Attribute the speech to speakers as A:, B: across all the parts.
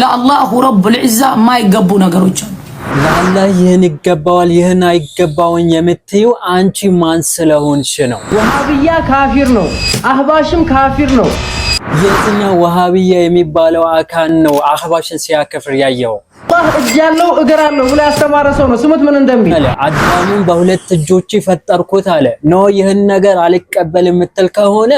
A: ለአላሁ ረቡል ዒዛ የማይገቡ ነገሮች አሉ።
B: ለአላህ ይህን ይገባዋል ይህን አይገባውን የምትዩ አንቺ ማን ስለሆንሽ ነው?
A: ወሃብያ ካፊር ነው፣ አህባሽም ካፊር ነው።
B: የትኛው ወሃብያ የሚባለው አካል ነው አህባሽን ሲያከፍር ያየው?
A: እጅ ያለው እግር አለው ብሎ ያስተማረ ሰው ነው ስሙት ምን እንደሚል
B: አዳሙን በሁለት እጆች ፈጠርኩት አለ። ኖ ይህን ነገር አልቀበል የምትል ከሆነ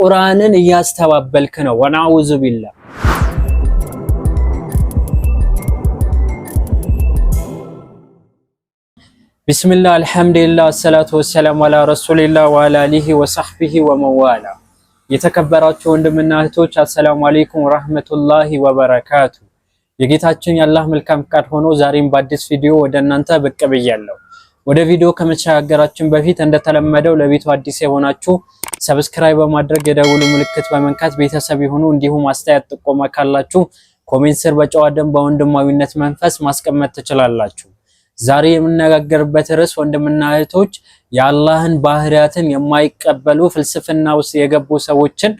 B: ቁርአንን እያስተባበልክ ነው። ወነዑዙ ቢላህ ቢስሚላ አልሐምዱሊላህ አሰላቱ ወሰላሙ አላ ረሱሊላህ ወአላ አሊሂ ወሰህቢሂ ወመዋላ። የተከበራችሁ ወንድምና እህቶች አሰላሙ አሌይኩም ወራህመቱላሂ ወበረካቱ። የጌታችን የአላህ መልካም ፍቃድ ሆኖ ዛሬም በአዲስ ቪዲዮ ወደ እናንተ ብቅ ብያለሁ። ወደ ቪዲዮ ከመሸጋገራችን በፊት እንደተለመደው ለቤቱ አዲስ የሆናችሁ ሰብስክራይብ በማድረግ የደውሉ ምልክት በመንካት ቤተሰብ የሆኑ እንዲሁም አስተያየት ጥቆማ ካላችሁ ኮሜንት ስር በጨዋ ደንብ በወንድማዊነት መንፈስ ማስቀመጥ ትችላላችሁ። ዛሬ የምነጋገርበት ርዕስ ወንድምና እህቶች የአላህን ባህሪያትን የማይቀበሉ ፍልስፍና ውስጥ የገቡ ሰዎችን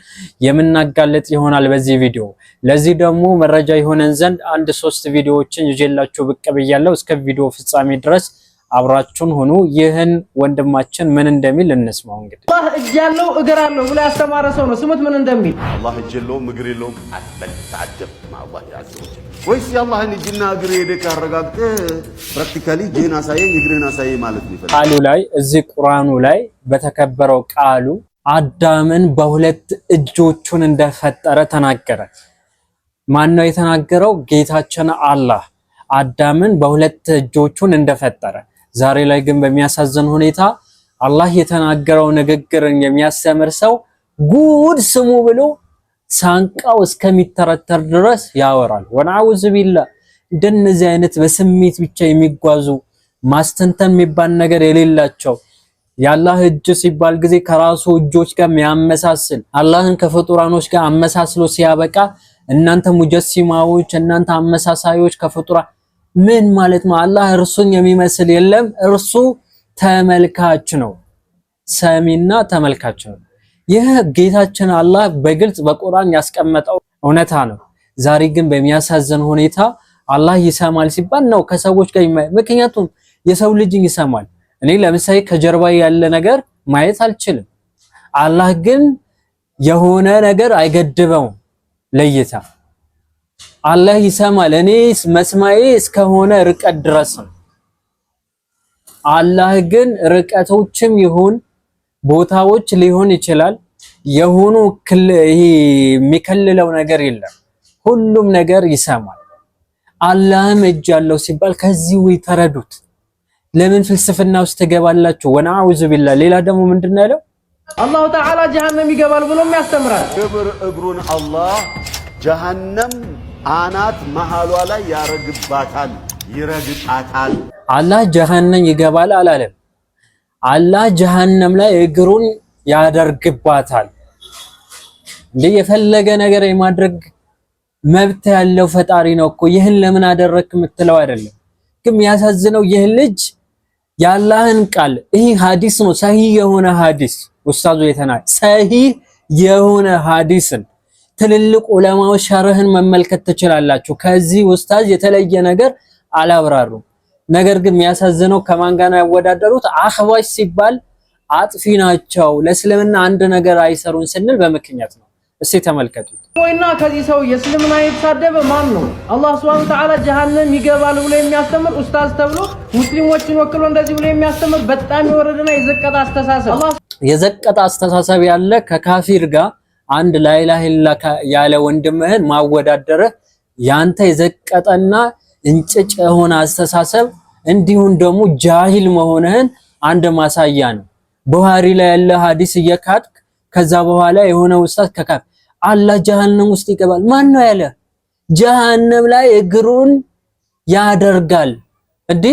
B: የምናጋለጥ ይሆናል በዚህ ቪዲዮ። ለዚህ ደግሞ መረጃ የሆነን ዘንድ አንድ ሶስት ቪዲዮዎችን ይዤላችሁ ብቅ ብያለሁ። እስከ ቪዲዮ ፍጻሜ ድረስ አብራችሁን ሁኑ። ይህን ወንድማችን ምን እንደሚል እንስማው። እንግዲህ
A: አላህ እጅ ያለው እግር አለው ብሎ ያስተማረ ሰው ነው ስሙት ምን እንደሚል።
C: አላህ እጅ የለውም እግር የለውም አትበል፣ ተአደብ ማአላህ ወይስ የአላህን እጅና እግር ሄደህ አረጋግጠህ ፕራክቲካሊ እጅህን አሳየኝ እግርህን አሳየኝ ማለት ነው
B: ቃሉ ላይ እዚህ ቁርአኑ ላይ በተከበረው ቃሉ አዳምን በሁለት እጆቹን እንደፈጠረ ተናገረ። ማን ነው የተናገረው? ጌታችን አላህ አዳምን በሁለት እጆቹን እንደፈጠረ። ዛሬ ላይ ግን በሚያሳዝን ሁኔታ አላህ የተናገረው ንግግርን የሚያስተምር ሰው ጉድ ስሙ ብሎ ሳንቃው እስከሚተረተር ድረስ ያወራል። ወነአውዝ ቢላ እንደነዚህ አይነት በስሜት ብቻ የሚጓዙ ማስተንተን የሚባል ነገር የሌላቸው የአላህ እጅ ሲባል ጊዜ ከራሱ እጆች ጋር የሚያመሳስል አላህን ከፍጡራኖች ጋር አመሳስሎ ሲያበቃ እናንተ ሙጀሲማዎች፣ እናንተ አመሳሳዮች ከፍጡራ ምን ማለት ነው? አላህ እርሱን የሚመስል የለም። እርሱ ተመልካች ነው፣ ሰሚና ተመልካች ነው። ይህ ጌታችን አላህ በግልጽ በቁርአን ያስቀመጠው እውነታ ነው። ዛሬ ግን በሚያሳዝን ሁኔታ አላህ ይሰማል ሲባል ነው ከሰዎች ጋር ምክንያቱም የሰው ልጅ ይሰማል። እኔ ለምሳሌ ከጀርባ ያለ ነገር ማየት አልችልም። አላህ ግን የሆነ ነገር አይገድበውም ለይታ አላህ ይሰማል። እኔ መስማዬ እስከሆነ ርቀት ድረስ ነው። አላህ ግን ርቀቶችም ይሁን ቦታዎች ሊሆን ይችላል። የሆኑ የሚከልለው ነገር የለም። ሁሉም ነገር ይሰማል። አላህም እጅ አለው ሲባል ከዚህ ተረዱት። ለምን ፍልስፍና ውስጥ ትገባላችሁ? ወነአውዙ ቢላ። ሌላ ደግሞ ምንድን ነው ያለው?
A: አላሁ ተዓላ ጀሃነም ይገባል ብሎም ያስተምራል።
C: ክብር እግሩን አላህ ጀሃነም አናት መሃሏ ላይ ያረግባታል፣ ይረግጣታል።
B: አላህ ጀሃነም ይገባል አላለም። አላህ ጀሃነም ላይ እግሩን ያደርግባታል። እንዴ የፈለገ ነገር የማድረግ መብት ያለው ፈጣሪ ነው እኮ ይህን ለምን አደረክ የምትለው አይደለም። ግን የሚያሳዝነው ይህ ልጅ የአላህን ቃል ይህ ሀዲስ ነው ሰሂህ የሆነ ሀዲስ ውስታዙ የተና ሰሂህ የሆነ ሀዲስን ትልልቅ ዑለማዎች ሸርህን መመልከት ትችላላችሁ። ከዚህ ውስታዝ የተለየ ነገር አላብራሩም። ነገር ግን የሚያሳዝነው ከማን ጋር ያወዳደሩት አህዋሽ ሲባል አጥፊ ናቸው፣ ለእስልምና አንድ ነገር አይሰሩን ስንል በምክንያት ነው። እስቲ ተመልከቱት።
A: ወይና ከዚህ ሰው የእስልምና የተሳደበ ማን ነው? አላህ ሱብሃነሁ ወተዓላ ጀሃነም ይገባል ብሎ የሚያስተምር ኡስታዝ ተብሎ ሙስሊሞችን ወክሎ እንደዚህ ብሎ የሚያስተምር በጣም የወረደና የዘቀጠ አስተሳሰብ
B: የዘቀጠ አስተሳሰብ ያለ ከካፊር ጋር አንድ ላይላህ ኢላ ያለ ወንድምህን ማወዳደርህ ያንተ የዘቀጠና እንጭጭ የሆነ አስተሳሰብ እንዲሁም ደግሞ ጃሂል መሆንህን አንድ ማሳያ ነው። ቡሃሪ ላይ ያለ ሀዲስ እየካድክ ከዛ በኋላ የሆነ ውስጣት ከካፍ አላህ ጀሃነም ውስጥ ይገባል። ማን ነው ያለ? ጀሃነም ላይ እግሩን ያደርጋል። እንዴ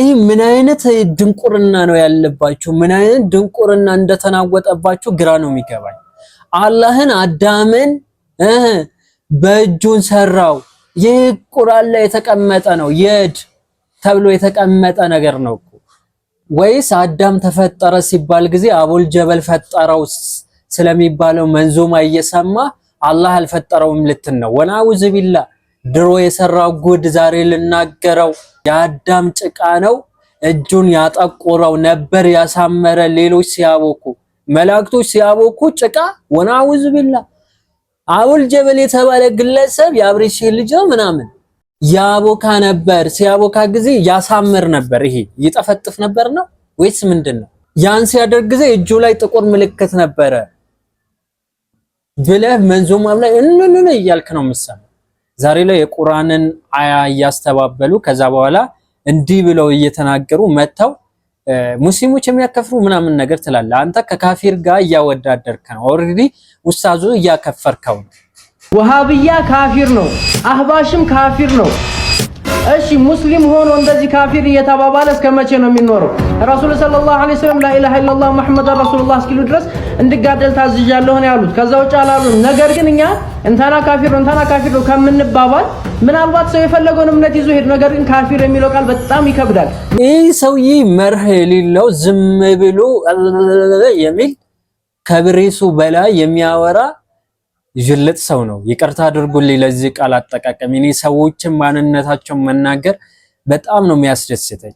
B: ይህ ምን አይነት ድንቁርና ነው ያለባችሁ? ምን አይነት ድንቁርና እንደተናወጠባችሁ ግራ ነው የሚገባኝ። አላህን አዳምን በእጁን ሰራው። ይህ ቁርአን ላይ የተቀመጠ ነው የድ ተብሎ የተቀመጠ ነገር ነው እኮ። ወይስ አዳም ተፈጠረ ሲባል ጊዜ አቡል ጀበል ፈጠረው ስለሚባለው መንዞማ እየሰማ አላህ አልፈጠረውም ልትን ነው? ወናውዝ ቢላ ድሮ የሰራው ጉድ ዛሬ ልናገረው። የአዳም ጭቃ ነው እጁን ያጠቆረው ነበር ያሳመረ። ሌሎች ሲያቦኩ መላእክቶች ሲያቦኩ ጭቃ ወናውዝ ቢላ አቡል ጀበል የተባለ ግለሰብ የአብሬሽ ልጅ ነው ምናምን ያቦካ ነበር። ሲያቦካ ጊዜ ያሳምር ነበር። ይሄ ይጠፈጥፍ ነበር ነው ወይስ ምንድን ነው? ያን ሲያደርግ ጊዜ እጁ ላይ ጥቁር ምልክት ነበረ ብለህ መንዞማም ላይ እንንን እያልክ ነው የምትሰማው። ዛሬ ላይ የቁርአንን አያ እያስተባበሉ ከዛ በኋላ እንዲህ ብለው እየተናገሩ መጥተው ሙስሊሞች የሚያከፍሩ ምናምን ነገር ትላለህ አንተ። ከካፊር ጋር እያወዳደርክ ነው። ኦልሬዲ ውሳዙ እያከፈርከው ነው።
A: ወሃብያ ካፊር ነው፣ አህባሽም ካፊር ነው። እሺ ሙስሊም ሆኖ እንደዚህ ካፊር እየተባባለ እስከ መቼ ነው የሚኖረው? ረሱል ሰለላሁ ዐለይሂ ወሰለም ላኢላሃ ኢለላህ መሐመድ ረሱሉላህ እስኪሉ ድረስ እንድጋደል ታዝዣለሁ ነው ያሉት። ከዛ ውጭ አላሉም። ነገር ግን እኛ እንተና ካፊር ነው እንተና ካፊር ነው ከምንባባል ምናልባት ሰው የፈለገውን እምነት ይዞ ሄድ። ነገር ግን ካፊር የሚለው ቃል በጣም ይከብዳል።
B: ይህ ሰውዬ መርህ የሌለው ዝም ብሎ የሚል ከብሬሱ በላይ የሚያወራ ዥልጥ ሰው ነው። ይቅርታ አድርጉልኝ ለዚህ ቃል አጠቃቀም። እኔ ሰዎችን ማንነታቸውን መናገር በጣም ነው የሚያስደስተኝ።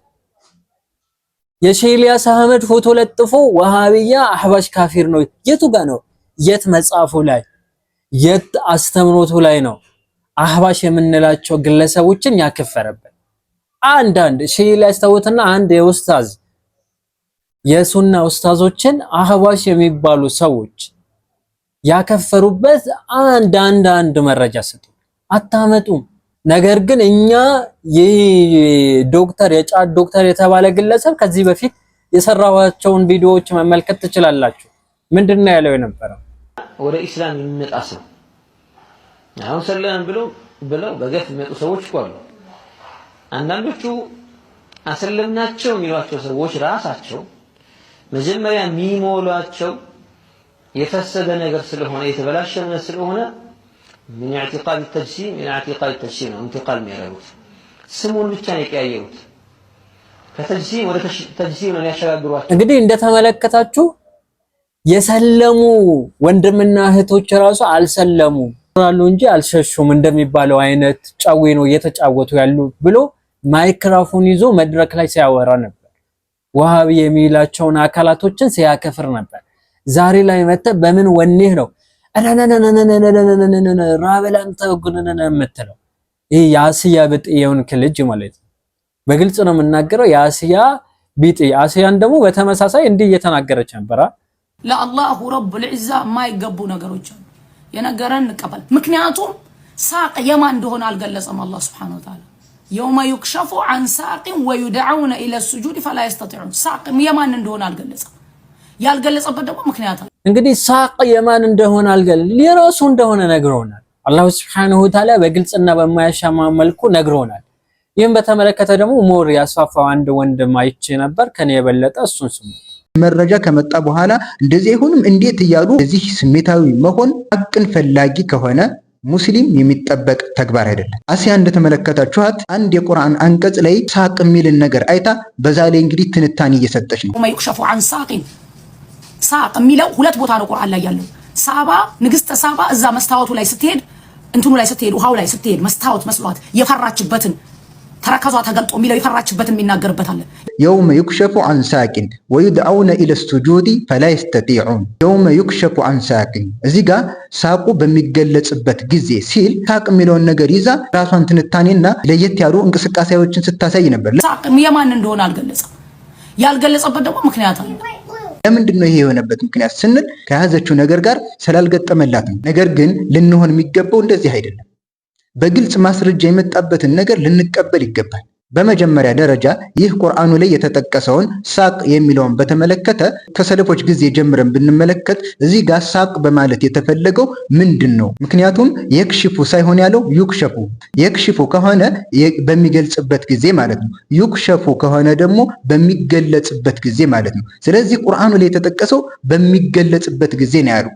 B: የሼህ አህመድ ፎቶ ለጥፎ ወሃቢያ አህባሽ ካፊር ነው። የቱ ጋ ነው? የት መጽሐፉ ላይ የት አስተምሮቱ ላይ ነው አህባሽ የምንላቸው ግለሰቦችን ያከፈረበት? አንዳንድ ሼህ ተውትና አንድ የኡስታዝ የሱና ኡስታዞችን አህባሽ የሚባሉ ሰዎች ያከፈሩበት አንድ አንድ አንድ መረጃ ስጡ አታመጡም። ነገር ግን እኛ ይህ ዶክተር የጫት ዶክተር የተባለ ግለሰብ ከዚህ በፊት የሰራኋቸውን ቪዲዮዎች መመልከት ትችላላችሁ። ምንድን ነው ያለው የነበረው?
D: ወደ ኢስላም የሚመጣ ሰው አሁን ሰላም ብሎ ብለው በገፍ የሚመጡ ሰዎች እኮ አሉ። አንዳንዶቹ አሰለምናቸው የሚሏቸው ሰዎች ራሳቸው መጀመሪያ የሚሞሏቸው የፈሰደ ነገር ስለሆነ የተበላሸ ነገር ስለሆነ ምን ኢዕቲቃድ ተጅሲም ኢላ ኢዕቲቃድ ተጅሲም ነው እንቲቃል የሚያደርጉት። ስሙን ብቻ ነው የቀያየሩት። ከተጅሲም ወደ ተጅሲም ነው ያሸጋግሯቸው።
B: እንግዲህ እንደተመለከታችሁ የሰለሙ ወንድምና እህቶች ራሱ አልሰለሙ ራሉ እንጂ አልሸሹም እንደሚባለው አይነት ጫዌ ነው እየተጫወቱ ያሉ ብሎ ማይክራፎን ይዞ መድረክ ላይ ሲያወራ ነበር። ወሃቢ የሚላቸውን አካላቶችን ሲያከፍር ነበር። ዛሬ ላይ መተ በምን ወኔህ ነው ራበላን ተጉነነ የምትለው? ይህ የአስያ ብጤ የሆንክ ልጅ ማለት ነው። በግልጽ ነው የምናገረው። የአስያ ቢጤ አስያን ደግሞ በተመሳሳይ እንዲህ እየተናገረች ነበራ። ለአላሁ ረቡል ዒዛ የማይገቡ ነገሮች የነገረን እንቀበል። ምክንያቱም ሳቅ የማን እንደሆነ አልገለጸም አላህ ወተዓላ የውመ ዩክሸፉ አን ሳቅን ወዩድዐውነ ኢለ ሱጁድ ፈላ የስተጢዑን ሳቅ የማን እንደሆነ አልገለጸም። ያልገለጸበት ደግሞ ምክንያት ነው። እንግዲህ ሳቅ የማን እንደሆነ አልገለ የራሱ እንደሆነ ነግሮናል። አላሁ ስብሐነሁ ወተዓላ በግልጽና በማያሻማ መልኩ ነግሮናል። ይህም በተመለከተ ደግሞ ሞር ያስፋፋው አንድ ወንድም አይቼ ነበር ከኔ የበለጠ እሱን ስሙ መረጃ ከመጣ በኋላ እንደዚህ አይሆንም እንዴት እያሉ እዚህ ስሜታዊ መሆን ሀቅን ፈላጊ ከሆነ ሙስሊም የሚጠበቅ ተግባር አይደለም። አሲያ እንደተመለከታችኋት አንድ የቁርአን አንቀጽ ላይ ሳቅ የሚልን ነገር አይታ በዛ ላይ እንግዲህ ትንታኔ እየሰጠች ነው። ሳት የሚለው ሁለት ቦታ ነው ቁርአን ላይ ያለው። ሳባ ንግስተ ሳባ እዛ መስታወቱ ላይ ስትሄድ እንትኑ ላይ ስትሄድ ውሃው ላይ ስትሄድ መስታወት መስሏት የፈራችበትን ተረከዟ ተገልጦ የሚለው የፈራችበትን የሚናገርበት አለ። የውመ ዩክሸፉ አን ሳቂን ወዩድአውነ ኢለ ስጁዲ ፈላ ይስተጢዑን። የውመ ዩክሸፉ አን ሳቂን። እዚህ ጋር ሳቁ በሚገለጽበት ጊዜ ሲል ሳቅ የሚለውን ነገር ይዛ ራሷን ትንታኔና ለየት ያሉ እንቅስቃሴዎችን ስታሳይ ነበር። ሳቅ የማን እንደሆነ አልገለጸም። ያልገለጸበት ደግሞ ምክንያት አለ። ለምንድን ነው ይሄ የሆነበት ምክንያት ስንል ከያዘችው ነገር ጋር ስላልገጠመላት ነው። ነገር ግን ልንሆን የሚገባው እንደዚህ አይደለም። በግልጽ ማስረጃ የመጣበትን ነገር ልንቀበል ይገባል። በመጀመሪያ ደረጃ ይህ ቁርአኑ ላይ የተጠቀሰውን ሳቅ የሚለውን በተመለከተ ከሰለፎች ጊዜ ጀምረን ብንመለከት እዚህ ጋር ሳቅ በማለት የተፈለገው ምንድን ነው? ምክንያቱም የክሽፉ ሳይሆን ያለው ዩክሸፉ፣ የክሽፉ ከሆነ በሚገልጽበት ጊዜ ማለት ነው። ዩክሸፉ ከሆነ ደግሞ በሚገለጽበት ጊዜ ማለት ነው። ስለዚህ ቁርአኑ ላይ የተጠቀሰው በሚገለጽበት ጊዜ ነው ያሉ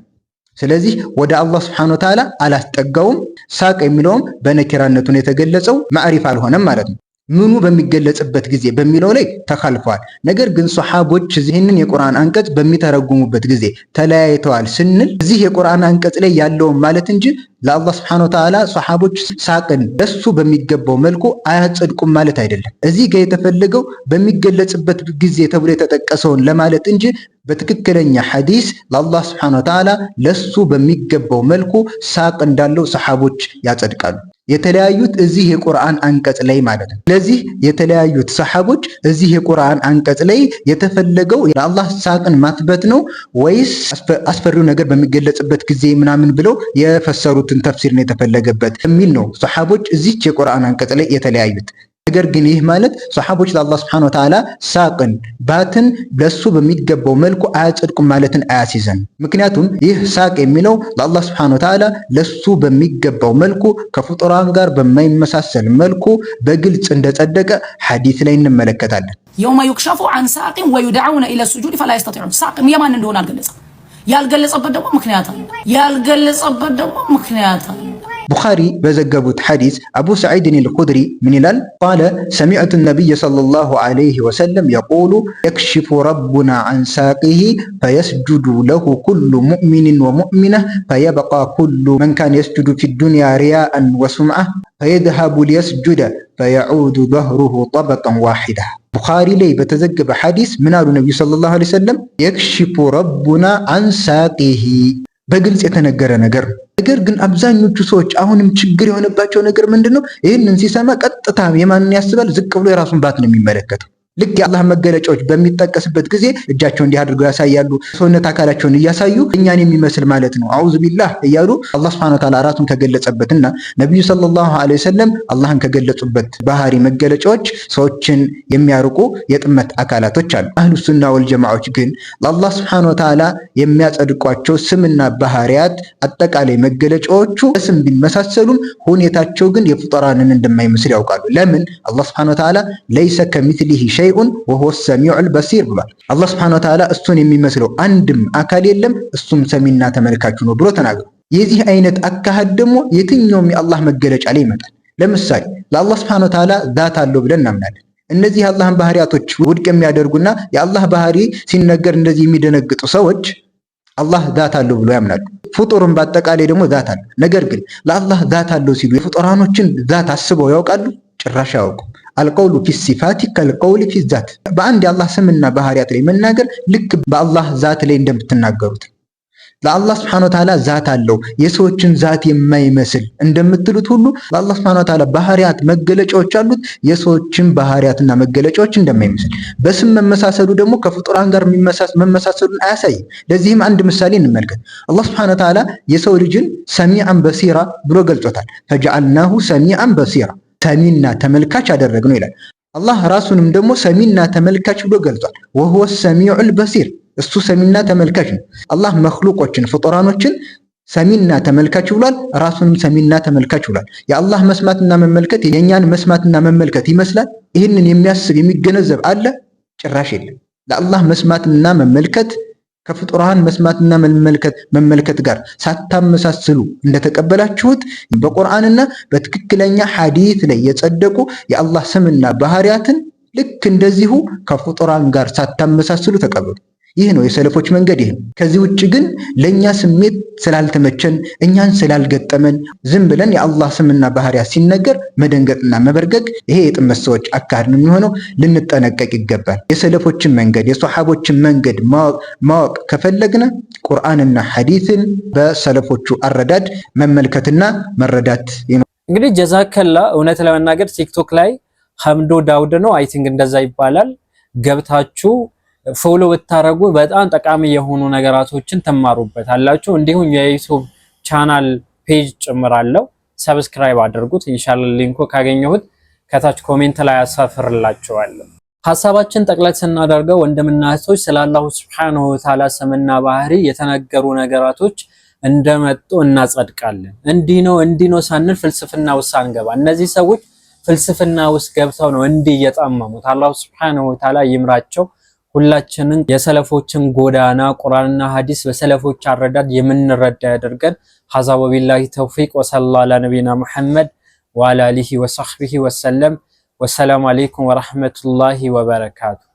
B: ስለዚህ ወደ አላህ ስብሐነ ወተዓላ አላስጠጋውም። ሳቅ የሚለውም በነኪራነቱን የተገለጸው ማዕሪፍ አልሆነም ማለት ነው። ምኑ በሚገለጽበት ጊዜ በሚለው ላይ ተካልፈዋል። ነገር ግን ሰሓቦች ይህንን የቁርአን አንቀጽ በሚተረጉሙበት ጊዜ ተለያይተዋል ስንል እዚህ የቁርአን አንቀጽ ላይ ያለውን ማለት እንጂ ለአላህ ስብሐነሁ ወተዓላ ሰሓቦች ሳቅን ለሱ በሚገባው መልኩ አያጸድቁም ማለት አይደለም። እዚህ ጋር የተፈለገው በሚገለጽበት ጊዜ ተብሎ የተጠቀሰውን ለማለት እንጂ በትክክለኛ ሐዲስ ለአላህ ስብሐነሁ ወተዓላ ለሱ በሚገባው መልኩ ሳቅ እንዳለው ሰሐቦች ያጸድቃሉ። የተለያዩት እዚህ የቁርአን አንቀጽ ላይ ማለት ነው። ስለዚህ የተለያዩት ሰሐቦች እዚህ የቁርአን አንቀጽ ላይ የተፈለገው ለአላህ ሳቅን ማትበት ነው ወይስ አስፈሪው ነገር በሚገለጽበት ጊዜ ምናምን ብለው የፈሰሩትን ተፍሲር ነው የተፈለገበት የሚል ነው ሰሐቦች እዚች የቁርአን አንቀጽ ላይ የተለያዩት። ነገር ግን ይህ ማለት ሰሓቦች ለአላህ ስብሐነሁ ወተዓላ ሳቅን ባትን ለሱ በሚገባው መልኩ አያጸድቁም ማለትን አያስይዘን። ምክንያቱም ይህ ሳቅ የሚለው ለአላህ ስብሐነሁ ወተዓላ ለሱ በሚገባው መልኩ ከፍጡራን ጋር በማይመሳሰል መልኩ በግልጽ እንደጸደቀ ሐዲስ ላይ እንመለከታለን። የውመ ዩክሸፉ አን ሳቅን ወዩድዐውነ ኢለ ሱጁድ ፈላ የስተጢዑን። ሳቅም የማን እንደሆነ አልገለጸም። ያልገለጸበት ደግሞ ምክንያት አለ። ያልገለጸበት ደግሞ ምክንያት አለ። بخاري بزقبت حديث أبو سعيد الخدري من الأل قال سمعت النبي صلى الله عليه وسلم يقول يكشف ربنا عن ساقه فيسجد له كل مؤمن ومؤمنة فيبقى كل من كان يسجد في الدنيا رياء وسمعة فيذهب ليسجد فيعود ظهره طبقا واحدة بخاري لي بتزقب حديث من النبي صلى الله عليه وسلم يكشف ربنا عن ساقه በግልጽ የተነገረ ነገር ነው። ነገር ግን አብዛኞቹ ሰዎች አሁንም ችግር የሆነባቸው ነገር ምንድን ነው? ይህንን ሲሰማ ቀጥታ የማንን ያስባል? ዝቅ ብሎ የራሱን ባት ነው የሚመለከተው። ልክ የአላህ መገለጫዎች በሚጠቀስበት ጊዜ እጃቸው እንዲህ አድርገው ያሳያሉ። ሰውነት አካላቸውን እያሳዩ እኛን የሚመስል ማለት ነው። አዑዙ ቢላህ እያሉ አላህ ሱብሓነሁ ወተዓላ ራሱን ከገለጸበት እና ነቢዩ ሰለላሁ ዐለይሂ ወሰለም አላህን ከገለጹበት ባህሪ መገለጫዎች ሰዎችን የሚያርቁ የጥመት አካላቶች አሉ። አህሉ ሱና ወልጀማዎች ግን ለአላህ ሱብሓነሁ ወተዓላ የሚያጸድቋቸው ስምና ባህሪያት አጠቃላይ መገለጫዎቹ ስም ቢመሳሰሉም ሁኔታቸው ግን የፍጡራንን እንደማይመስል ያውቃሉ። ለምን? አላህ ሱብሓነሁ ወተዓላ ለይሰ ከሚትሊሂ ሸይኡን ወሆ ሰሚዑል በሲር ብሏል። አላህ ስብሐነሁ ወተዓላ እሱን የሚመስለው አንድም አካል የለም እሱም ሰሚና ተመልካች ነው ብሎ ተናግሯል። የዚህ አይነት አካሄድ ደግሞ የትኛውም የአላህ መገለጫ ላይ ይመጣል። ለምሳሌ ለአላህ ስብሐነሁ ወተዓላ ዛት አለው ብለን እናምናለን። እነዚህ የአላህን ባህሪያቶች ውድቅ የሚያደርጉና የአላህ ባህሪ ሲነገር እንደዚህ የሚደነግጡ ሰዎች አላህ ዛት አለው ብሎ ያምናሉ። ፍጡርን በአጠቃላይ ደግሞ ዛት አለው። ነገር ግን ለአላህ ዛት አለው ሲሉ የፍጡራኖችን ዛት አስበው ያውቃሉ? ጭራሽ አያውቁም። አልቀውሉ ፊ ሲፋቲ ከልቀውል ፊ ዛት በአንድ የአላህ ስምና ባህሪያት ላይ መናገር ልክ በአላህ ዛት ላይ እንደምትናገሩት ለአላህ ስብሐነ ወተዓላ ዛት አለው የሰዎችን ዛት የማይመስል እንደምትሉት ሁሉ ለአላህ ስብሐነ ወተዓላ ባህሪያት መገለጫዎች አሉት የሰዎችን ባህሪያትና መገለጫዎች እንደማይመስል። በስም መመሳሰሉ ደግሞ ከፍጡራን ጋር መመሳሰሉን አያሳይም። ለዚህም አንድ ምሳሌ እንመልከት። አላህ ስብሐነ ወተዓላ የሰው ልጅን ሰሚዐን በሲራ ብሎ ገልጾታል። ፈጀዐልናሁ ሰሚዐን በሲራ ሰሚና ተመልካች ነው ይላል። አላህ ራሱንም ደግሞ ሰሚና ተመልካች ብሎ ገልጿል። ወህወ ሰሚዑል በሲር እሱ ሰሚና ተመልካች ነው። አላህ መክሉቆችን ፍጡራኖችን ሰሚና ተመልካች ብሏል። ራሱንም ሰሚና ተመልካች ብሏል። የአላህ መስማትና መመልከት የእኛን መስማትና መመልከት ይመስላል። ይህንን የሚያስብ የሚገነዘብ አለ? ጭራሽ የለም። ለአላህ መስማትና መመልከት ከፍጡራን መስማትና መመልከት መመልከት ጋር ሳታመሳስሉ እንደተቀበላችሁት በቁርአንና በትክክለኛ ሐዲት ላይ የጸደቁ የአላህ ስምና ባህሪያትን ልክ እንደዚሁ ከፍጡራን ጋር ሳታመሳስሉ ተቀበሉ። ይህ ነው የሰለፎች መንገድ። ይህ ከዚህ ውጭ ግን ለእኛ ስሜት ስላልተመቸን እኛን ስላልገጠመን ዝም ብለን የአላህ ስምና ባህሪያ ሲነገር መደንገጥና መበርገግ፣ ይሄ የጥመት ሰዎች አካሄድ ነው የሚሆነው። ልንጠነቀቅ ይገባል። የሰለፎችን መንገድ የሶሓቦችን መንገድ ማወቅ ከፈለግነ ቁርአንና ሐዲትን በሰለፎቹ አረዳድ መመልከትና መረዳት። እንግዲህ ጀዛከላ እውነት ለመናገር ቲክቶክ ላይ ሐምዶ ዳውድ ነው አይቲንግ እንደዛ ይባላል ገብታችሁ ፎሎ ብታረጉ በጣም ጠቃሚ የሆኑ ነገራቶችን ትማሩበት አላችሁ። እንዲሁም የዩቱብ ቻናል ፔጅ ጭምር አለው። ሰብስክራይብ አድርጉት። ኢንሻአላህ ሊንኩ ካገኘሁት ከታች ኮሜንት ላይ አሳፍርላችኋለሁ። ሀሳባችን ጠቅለት ስናደርገው ወንድምና እህቶች ስለ አላሁ ሱብሓነሁ ወተዓላ ስምና ባህሪ የተነገሩ ነገራቶች እንደመጡ እናጸድቃለን። እንዲህ ነው እንዲህ ነው ሳንል ፍልስፍና ውስጥ አንገባ። እነዚህ ሰዎች ፍልስፍና ውስጥ ገብተው ነው እንዲህ እየጣመሙት። አላሁ ሱብሓነሁ ወተዓላ ይምራቸው። ሁላችንን የሰለፎችን ጎዳና ቁርአንና ሀዲስ በሰለፎች አረዳድ የምንረዳ ያደርገን። ሀዛ ወቢላሂ ተውፊቅ ወሰላ አላ ነቢና ሙሐመድ ወአላ አሊሂ ወሰህቢሂ ወሰለም። ወሰላሙ አለይኩም ወረህመቱላሂ ወበረካቱ።